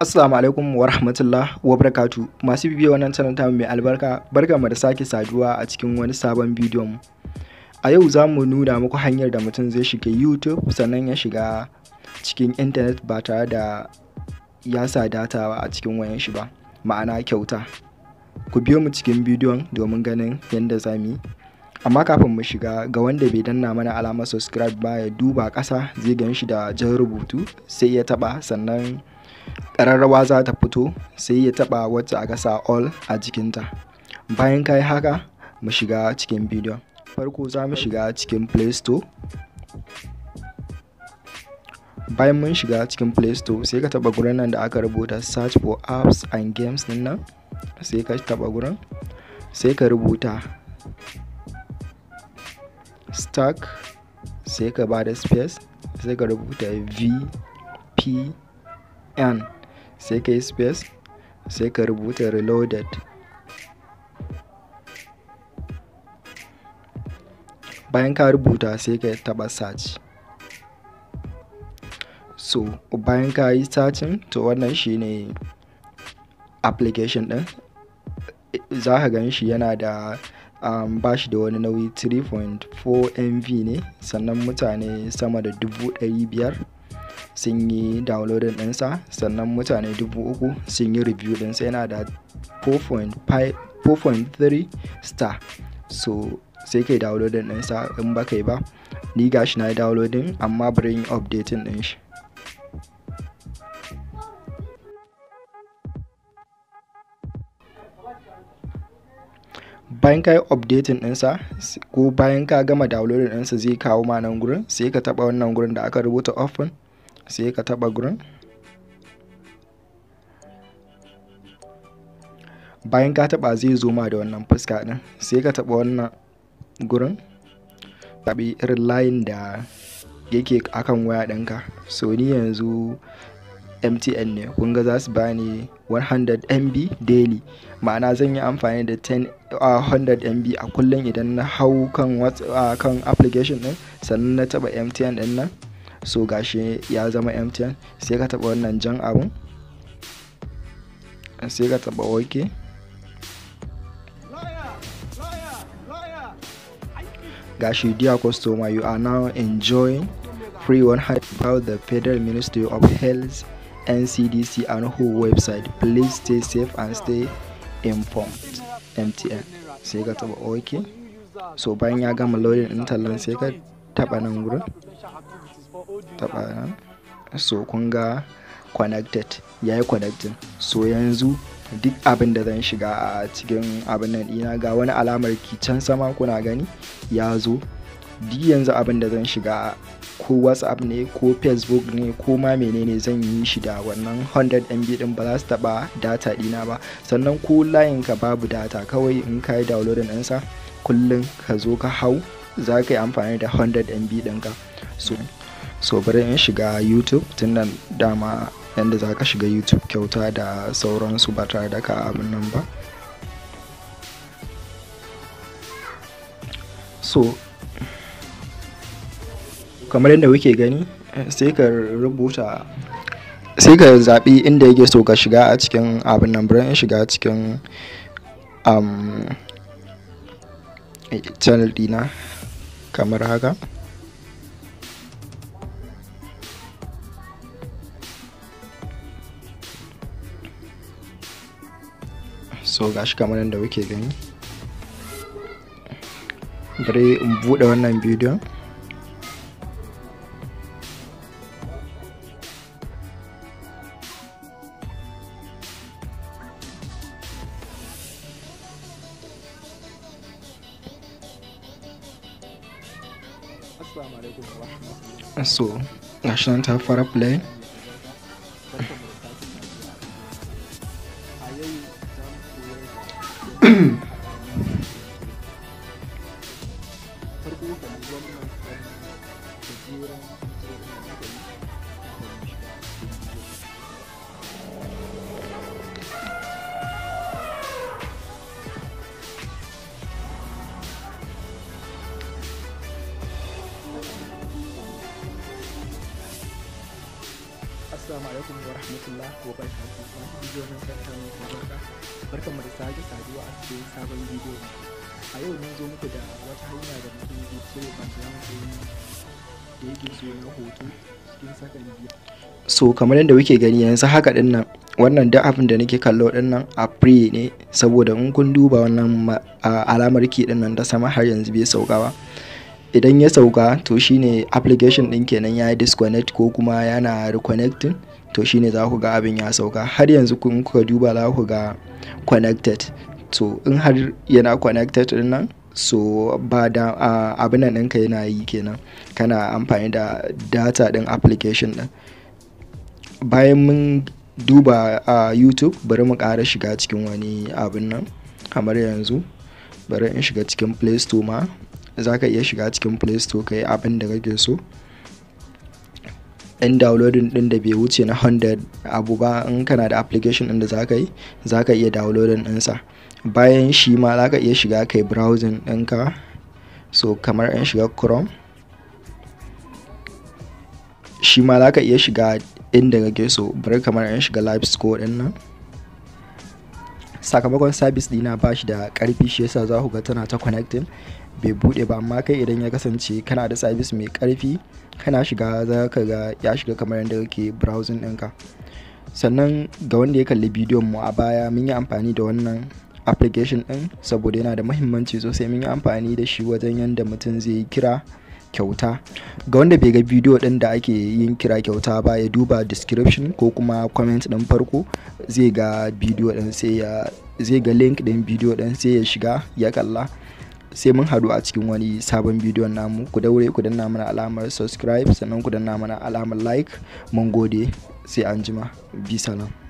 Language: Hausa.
Assalamu alaikum wa rahmatullah wa barakatu masu bibiyar wannan channel ta mai albarka mu da sake saduwa a cikin wani sabon bidiyon a yau za mu nuna muku hanyar da mutum zai shiga YouTube sannan ya shiga cikin intanet ba tare da ya sa data a cikin wayan shi ba ma'ana kyauta ku biyo mu cikin bidiyon domin ganin yadda za mu yi amma kafin mu shiga ga wanda bai danna mana alamar subscribe ba ya duba ƙasa zai ganshi da jan rubutu sai ya taɓa sannan ƙararrawa za ta fito sai ya taɓa wacce aka sa all a jikinta bayan ka yi haka mu shiga cikin bidiyo farko za mu shiga cikin play store bayan mun shiga cikin play store sai ka taɓa gurin nan da aka rubuta search for apps and games din nan sai ka taɓa gurin sai ka rubuta stack sai ka ba da space sai ka rubuta vp n sai ka yi space sai ka rubuta reloaded bayan ka rubuta sai ka taba search so bayan ka yi searching to wannan shine application din za ka gan shi yana da um, ba shi da wani nauyi 3.4 mv ne sannan mutane sama da 500 sun yi downloading ɗinsa sannan mutane dubu uku sun yi review ɗinsa yana da 4.3 star so sai kai downloading ɗinsa in ba kai ba ni gashi na downloading amma bring updating ɗin shi bayan ka yi updating ɗinsa ko bayan ka gama downloading ɗinsa zai kawo ma nan gurin sai ka taba wannan gurin da aka rubuta open sai ka taba gurin bayan ka taba zai zo ma da wannan fuska din sai ka taba wannan gurin tabi irin layin da yake akan waya ɗinka so ni yanzu mtn ne kun ga za su bani 100 mb daily ma'ana zan yi amfani da 10 100 mb a kullum idan na hau kan, kan application din sannan na taba mtn din nan so gashi ya zama m sai ka taba wannan jan abun sai ka taba ok gashi dear customer you are now enjoying free 100 about the federal ministry of health ncdc and who website please stay safe and stay informed mtn sai ka taba ok so bayan ya gama loading din sai ka taba nan wurin taba so kun ga connected ya yi connecting so yanzu duk abin da zan shiga a cikin abin nan dina ga wani alamar ki can sama kuna gani ya zo duk yanzu abin da zan shiga ko whatsapp ne ko facebook ne ko ma menene zan yi shi da wannan 100 mb din ba za su taba data dina ba sannan ko layin ka babu data kawai in ka yi downloading ɗinsa kullum ka zo ka hau za ka yi amfani da 100 mb ɗinka so so bari in shiga youtube tun nan dama yadda za ka shiga youtube kyauta da sauransu ba tare da ka abin nan ba so kamar yadda wuke gani eh, sai ka rubuta sai ka zaɓi inda yake so ka shiga a cikin abin nan bari in shiga cikin um, eh, channel dina kamar haka so gashi kamar da kuke gani bari in bude wannan bidiyon so gashi nan ta fara play 嗯。alaikum wa rahmatullah wa barakatuh masu bidiyo na sassa mai albarka barkan mu da sake saduwa a cikin sabon bidiyo a yau mun zo muku da wata hanya da mutum zai cire background ɗin da yake so na hoto cikin sakan biyu so kamar yadda kuke gani yanzu haka din nan wannan duk abin da nake kallo din nan a free ne saboda in kun duba wannan alamar ki din nan ta sama har yanzu bai sauka ba idan ya sauka to shine application din kenan ya yi disconnect ko kuma yana reconnecting to shine za ku ga abin ya sauka har yanzu kun kuka duba za ku ga connected to in har yana connected din nan so ba da abin nan ɗinka yana yi kenan kana amfani da data ɗin application ɗin bayan mun duba a uh, youtube bari mu ƙara shiga cikin wani abin nan kamar yanzu bari in shiga cikin play store ma za ka iya shiga cikin play store ka yi abin da kake so in downloading din da bai wuce na 100 abu ba in kana da application din da za ka yi za ka iya downloading ɗinsa bayan shi ma za ka iya shiga kai browsing ɗinka so kamar in shiga chrome shi ma za ka iya shiga inda kake so bari kamar in shiga live score ɗin nan sakamakon sabis dina ba shi da karfi shi yasa za ku ga tana ta connecting bai bude ba amma kai idan ya kasance kana da sabis mai karfi kana shiga za ka ga ya shiga kamar yadda kake browsing ɗinka sannan ga wanda ya kalli bidiyon mu a baya mun yi amfani da wannan application ɗin saboda yana da muhimmanci sosai mun yi amfani da shi wajen yadda mutum zai kira kyauta ga wanda bai ga bidiyo ɗin da ake yin kira kyauta ba ya duba description ko kuma comment ɗin farko zai ga bidiyo ɗin sai ya zai ga link ɗin bidiyo din sai ya shiga ya kalla sai mun haɗu a cikin wani sabon bidiyon namu ku daure ku danna mana alamar subscribe sannan ku danna mana alamar like mun gode sai an jima bi salam